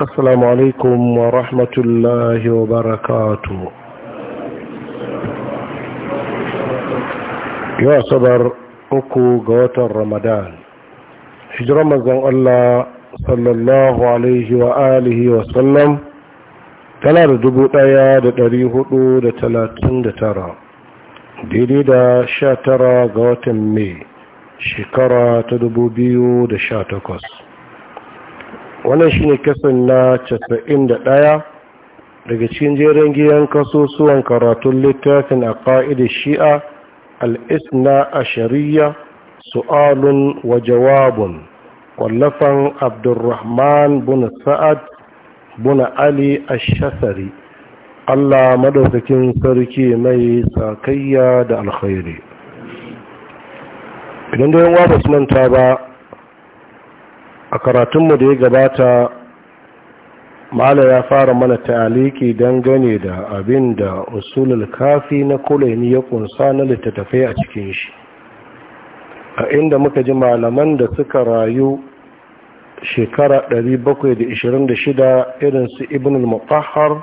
السلام عليكم ورحمة الله وبركاته يا صبر أكو قوات رمضان هجر رمضان الله صلى الله عليه وآله وسلم tana da dubu ɗaya da ɗari hudu da talatin da tara daidai da sha tara ga watan mai shekara ta dubu biyu da sha takwas wannan shi ne kasan na 91 daga cikin jerin giyan kasusuwan karatun littafin a ƙa'idar shi'a al'isna a shari'a su'alun wa jawabun kwallafan abdurrahman bin sa'ad Buna ali shasari allah madaukakin sarki mai sakayya da alkhairi idan da yin wata manta ba a karatunmu da ya gabata mala ya fara mana ta'aliki dangane da abin da usulul kafi na kulaini ya kunsa na littattafai a cikin shi a inda muka ji malaman da suka rayu shekara 726 irin su ibn al-mutahhar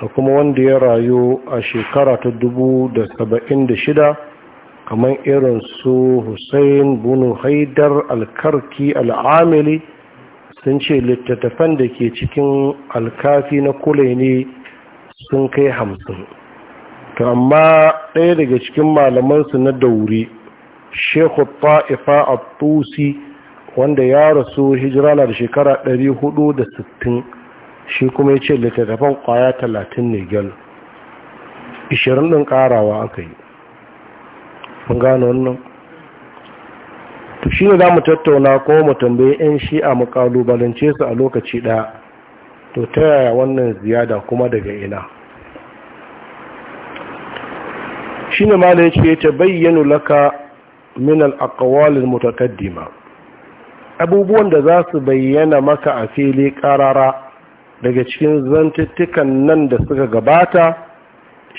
da kuma wanda ya rayu a shekara ta 1076 kamar irin su hussein bunu haidar alkarki al'amili sun ce littattafan da ke cikin alkafi na kule ne sun kai hamsin to amma ɗaya daga cikin malamansu na dauri shekhu ta'ifa a tusi wanda ya rasu hijira na da shekara 460 shi kuma ya ce littattafan kwaya 30 ne gyal 20 ɗin ƙarawa aka yi mun gano wannan to shi ne za mu tattauna ko mu tambayi 'yan shi'a mu kalubalance su a lokaci ɗaya to ta yaya wannan ziyada kuma daga ina shi ne ma ta bayyana laka min al'akawalin mutakaddima abubuwan da za su bayyana maka a fili karara daga cikin zantuttukan nan da suka gabata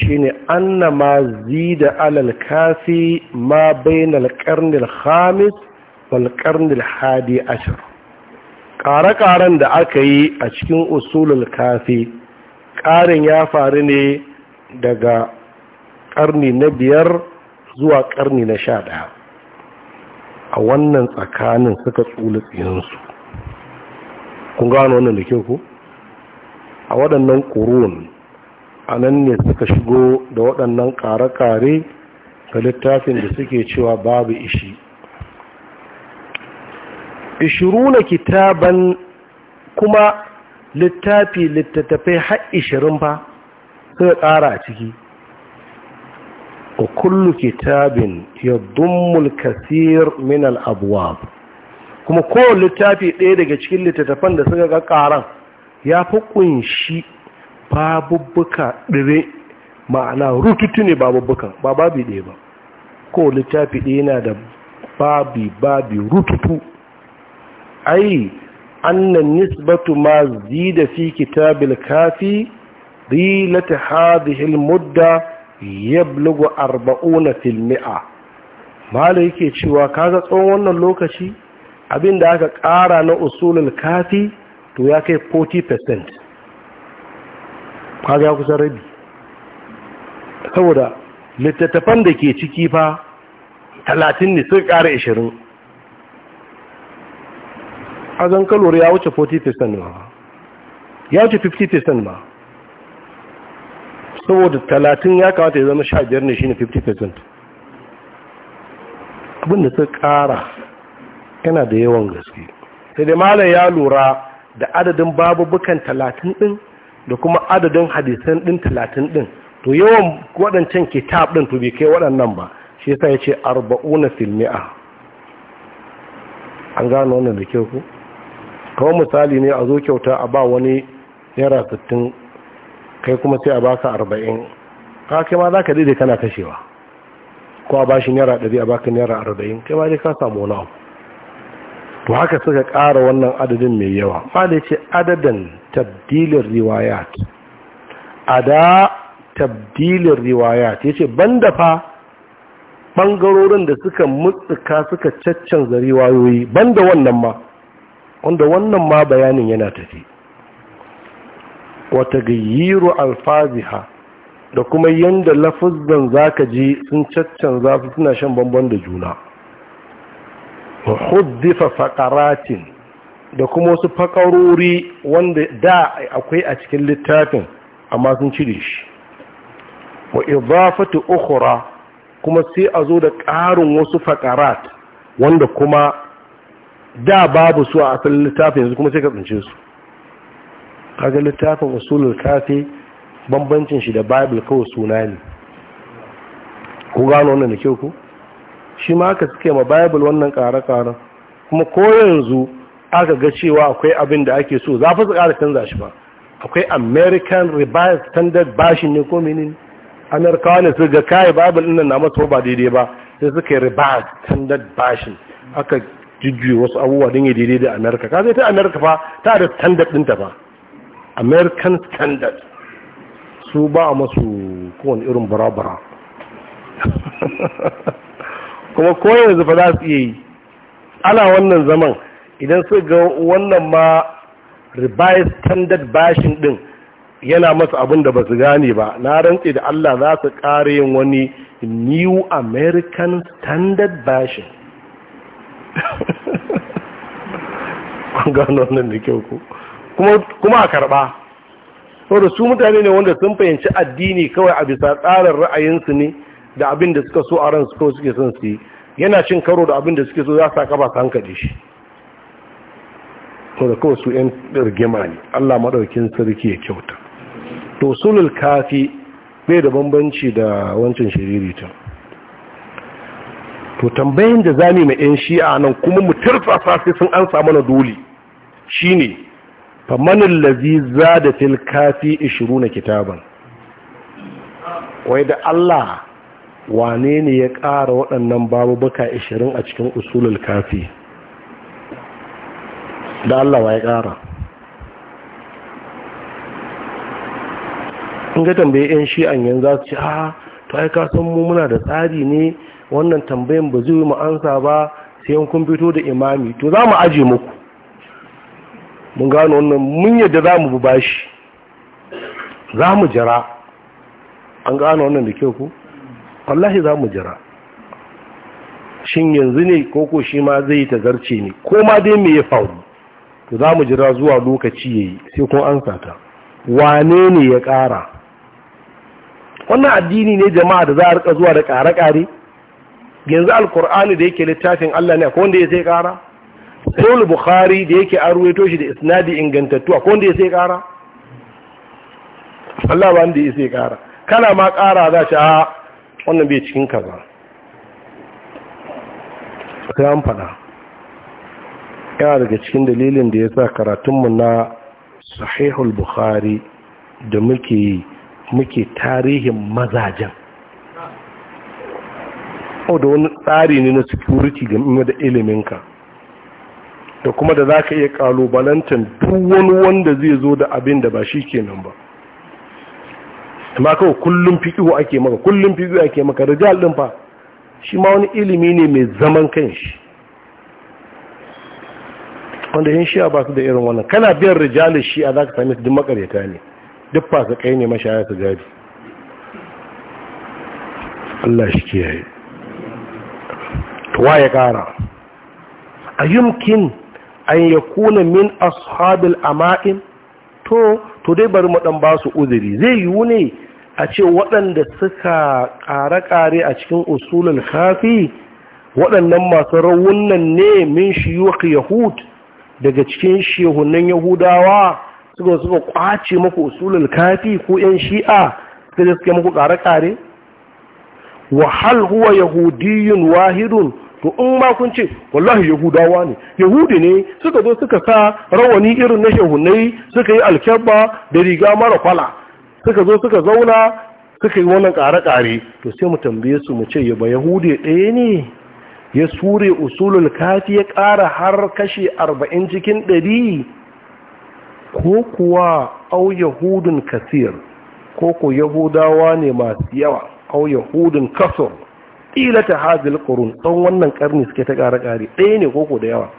shine anna ma zida alal kafi ma bainal qarnil khamis wal qarnil hadi ashar ƙare-ƙaren da aka yi a cikin usulul kafi ƙarin ya faru ne daga ƙarni na biyar zuwa ƙarni na sha ɗaya a wannan tsakanin suka tsula tsininsu kun gano wannan da ke ku a waɗannan ƙuruwan a nan ne suka shigo da waɗannan ƙare-ƙare ga littafin da suke cewa babu ishi ishiruna kitaban kuma littafi littattafai har ishirin ba suka ƙara a ciki wa kullu kitabin ya dummul kasir min al'abuwa kuma kowane littafi ɗaya daga cikin littattafan da suka ƙaran ya fi ƙunshi babubbuka ɗire ma'ana rututu ne babubbukan ba babi ɗaya ba ko littafi ɗaya yana da babi babi rututu ai annan nisbatu ma zida fi kitabil kafi rilata hadhihi almudda yablugu 40 fil mi'a mala yake cewa kaga tsawon wannan lokaci abinda aka ƙara na usulul kafi to ya kai 40% kaga ya kusan rabi saboda littattafan da ke ciki fa talatin ne sun ƙara ishirin a zan kalori ya wuce 40% ma ya wuce 50% ma saboda talatin ya kawata ya zama sha biyar ne ne 50% abinda sun kara yana da yawan gaske sai dai malam ya lura da adadin babu bukan talatin ɗin da kuma adadin hadisan din talatin din to yawan waɗancan kitab din to bai kai waɗannan ba shi yasa yace arba'una fil an gano wannan da kyau ku kawai misali ne a zo kyauta a ba wani naira sittin kai kuma sai a baka arba'in ka kai ma za ka daidai kana kashewa ko a bashi naira ɗari a baka naira arba'in kai ma dai ka samu wani abu to haka suka ƙara wannan adadin mai yawa fada ce adadin tabdilin riwayat ada tabdilin riwaya ya ce banda fa ɓangarorin da suka mutsuka suka caccanza riwayoyi banda wannan ma wanda wannan ma bayanin yana tafi wata gayyiru alfaziha da kuma yadda lafuzan ka ji sun caccanza su suna shan bambam da juna wa huddifa faqaratin da kuma wasu fakarori wanda da akwai a cikin littafin amma sun cire shi wa idafatu ukhra kuma sai a zo da ƙarin wasu faqarat wanda kuma da babu su a asalin littafin yanzu kuma sai ka tsince su kaga littafin usulul kafi bambancin shi da bible kawai suna ne ku gano wannan da kyau ku shi ma aka suke ma bible wannan kare ƙaren kuma ko yanzu aka ga cewa akwai abin da ake so za fi su kara canza shi ba akwai american revised standard bashin ne ko ne amerikawa ne su ga kayi bible ɗin na mata ba daidai ba sai suka yi revised standard bashin aka jujjuyi wasu abubuwa don yi daidai da amerika ka zai ta America fa ta da standard ɗinta fa american standard su ba masu kowane irin bara-bara kuma ko yanzu ba za su iya yi ana wannan zaman idan su ga wannan ma revised standard bashin din yana masa abin da ba su gane ba na rantse da Allah za su ƙara yin wani new american standard bashin gano wannan da kyau ku kuma a karɓa saboda su mutane ne wanda sun fahimci addini kawai a bisa tsarin ra'ayinsu ne da abin da suka so a ran su suke son su yi yana cin karo da abin da suke so za su kaba su hankali shi to da kawai su 'yan rigima ne allah maɗaukin sarki ya kyauta to sulul kafi bai da bambanci da wancan ta to tambayin da zami mai 'yan shi'a nan kuma mu turfa sai sun an samu na dole shine famanin lazi za da fil kafi 20 kitaban wai da allah wane ne ya ƙara waɗannan babu baka 20 a cikin usulul kafi da Allah wa ya ƙara in ga tambaye 'yan an yanzu za su ce a ah, to ai ka san mu muna da tsari ne wannan tambayin ba zai ma'ansa ba sai yan kun fito da imami to za mu aji muku mun gano wannan mun yadda za mu bi bashi za mu jira an gano wannan da kyau ku wallahi za mu jira shin yanzu ne ko shi ma zai zarce ne ko ma dai me ya faru to za mu jira zuwa lokaci yayi sai kun ansa ta wane ne ya ƙara wannan addini ne jama'a da za a rika zuwa da ƙare-ƙare yanzu alkur'ani da yake littafin Allah ne ko wanda ya sai ƙara sahih bukhari da yake an ruwaito shi da isnadi ingantattu ko wanda ya sai ƙara Allah ba wanda ya sai ƙara kana ma ƙara za ta wannan bai cikin ka ba sai an fada yana daga cikin dalilin da ya sa karatunmu na sahihul bukhari da muke muke tarihin mazajen da wani tsari ne na security ime da iliminka da kuma da za ka iya kalubalantar duk wani wanda zai zo da abin da ba shi kenan ba amma kawai kullum fiƙihu ake maka kullum fiƙihu ake maka rijal ɗin fa shi ma wani ilimi ne mai zaman kanshi wanda yin shi'a ba su da irin wannan kana biyan rijalin shi'a za ka sami su duk makareta ne duk fasa kai ne mashaya su gadi Allah shi kiyaye wa ya kara a yumkin an ya kuna min ashabil ama'in to to dai bari mu ba su uzuri zai yiwu ne a ce waɗanda suka ƙare-ƙare a cikin usulul kafi waɗannan masu rawunan ne min shiyuk yahud daga cikin shehunan yahudawa suka suka kwace muku usulul kafi ko yan shi'a suka suka muku ƙare-ƙare wa hal huwa yahudiyun wahidun to in ma kun ce wallahi yahudawa ne yahudi ne suka zo suka sa rawani irin na shehunai suka yi alkyabba da riga mara kwala suka zo suka zauna suka yi wannan ƙare kare to sai mu tambaye su mu ce yaba yahudi ɗaya ne ya sure usulul kafi ya ƙara har kashe arba'in cikin ɗari ko kuwa au yahudun kasir ko ku yahudawa ne masu yawa au yahudun kasur ta hazil ƙurun tsawon wannan ƙarni suke ta ƙare-ƙare, ɗaya ne koko da yawa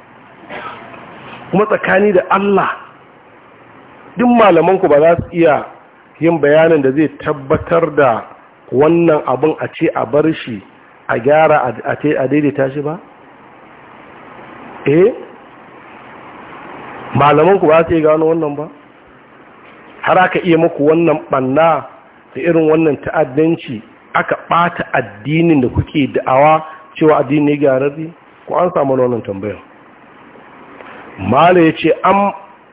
kuma tsakani da Allah duk malamanku ba za su iya yin bayanin da zai tabbatar da wannan abin a ce a bar shi a gyara a daidaita shi ba? eh malamanku ba su iya gano wannan ba har aka iya muku wannan banna da irin wannan ta'addanci aka ɓata addinin da kuke da'awa cewa addini ne gyararri ko an samu wannan tambayar mala ya ce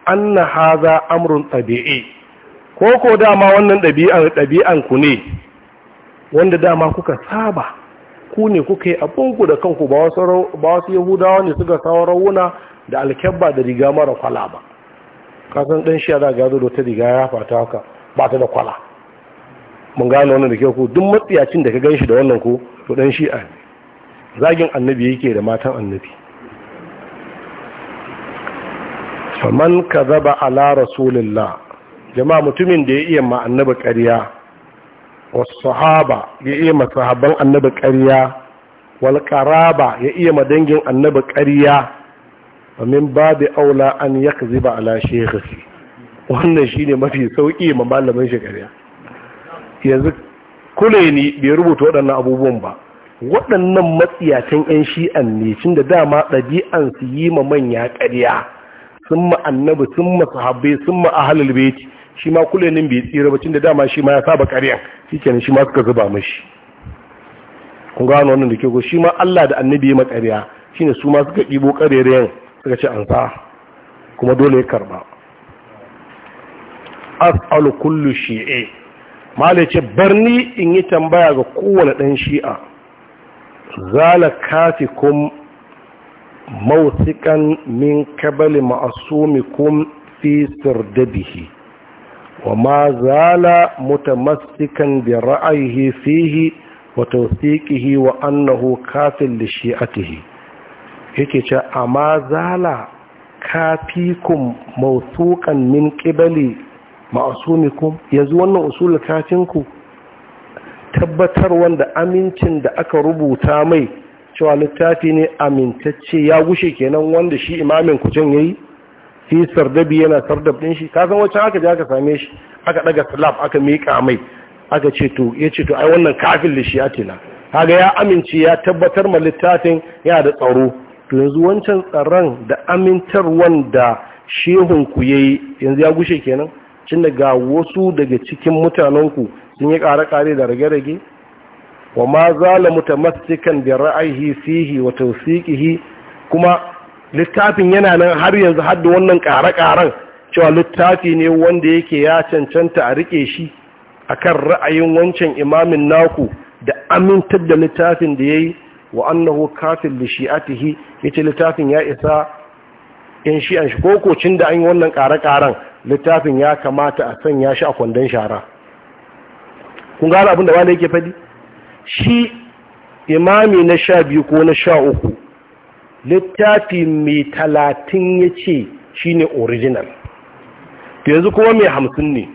an na haza amurin ɗabi'i ko ko dama wannan ɗabi'an ɗabi'an ku ne wanda dama kuka saba ku ne kuka yi abinku da kanku ba wasu yahudawa ne suka sawar rawuna da alkyabba da riga mara kwala ba kasan ɗan shi yana gado da ta riga ya fata haka ba ta da kwala mun gane wannan da kyau ko duk matsiyacin da ka gan shi da wannan ko to dan shi'a ne zagin annabi yake da matan annabi faman kazaba ala rasulillah jama'a mutumin da ya iya ma annabi ƙarya wa sahaba ya iya ma sahabban annabi ƙarya wal qaraba ya iya ma dangin annabi ƙarya wa min babi aula an yakziba ala shaykhihi wannan shine mafi sauki ma malamin shi ƙarya yanzu kule ni bai rubuta waɗannan abubuwan ba waɗannan matsiyacin 'yan shi'an ne cin da dama ɗabi'an su yi ma manya ƙarya sun ma annabi sun ma sahabbai sun ma ahalul baiti shi ma kule nin bai tsira ba cin da dama shi ma ya saba ƙaryan shi kenan shi ma suka zuba mashi kun gano wannan da ke ko shi ma Allah da annabi ya ma ƙarya shine su ma suka ɗibo ƙarerayen suka ce an sa kuma dole ya karɓa as'alu kullu shi'e mala ce barni in yi tambaya ga kowane ɗan shi'a zala kun mausikan min kabali ma'asumikum fi sirdabihi wa ma zala mutamassikan bi ra'ayihi fihi wa tawsiqihi wa annahu kafin li shi'atihi yake ce amma zala kafikum mausukan min kibali ma'asumikum yanzu wannan usul ku. tabbatar wanda amincin da aka rubuta mai cewa littafi ne amintacce ya gushe kenan wanda shi imamin ku can yayi fi sardabi yana sardab din shi ka san wacce aka je aka same shi aka daga slab aka mika mai aka ce to ya ce to ai wannan kafin da shi ya tila kaga ya amince ya tabbatar ma littafin yana da tsaro to yanzu wancan tsaron da amintar wanda shehun ku yayi yanzu ya gushe kenan cin da ga wasu daga cikin mutanenku sun yi kare-kare da rage-rage wa ma zala mutamassikan da ra'ayi fihi wa tausikihi kuma littafin yana nan har yanzu har wannan ƙare-ƙaren cewa littafi ne wanda yake ya cancanta a rike shi a kan ra'ayin wancan imamin naku da amintar da littafin da ya yi wa annahu kafin li shi'atihi yace littafin ya isa in shi'an shi koko da an yi wannan kare-karen littafin ya kamata a sanya shi a kwandon shara kun gane abin da yake fadi shi imami na sha biyu ko na sha uku littafi mai talatin ya ce shi ne original to yanzu kuma mai hamsin ne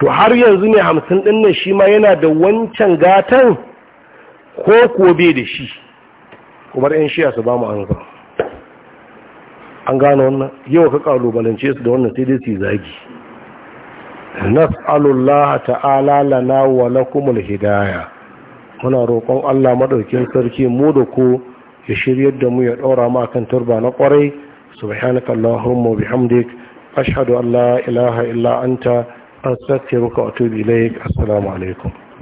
to har yanzu mai hamsin ɗin nan shi ma yana da wancan gatan ko kuwa bai da shi kuma 'yan shiya su ba mu an zama an gane wannan yau ka kalubalance su da wannan sai dai su zagi nas'alullaha ta'ala lana wa lakumul hidaya muna roƙon Allah madaukakin sarki mu da ku ya shiryar da mu ya ɗora mu akan turba na ƙwarai subhanaka allahumma bihamdik ashhadu an la ilaha illa anta astaghfiruka wa atubu ilaik assalamu alaikum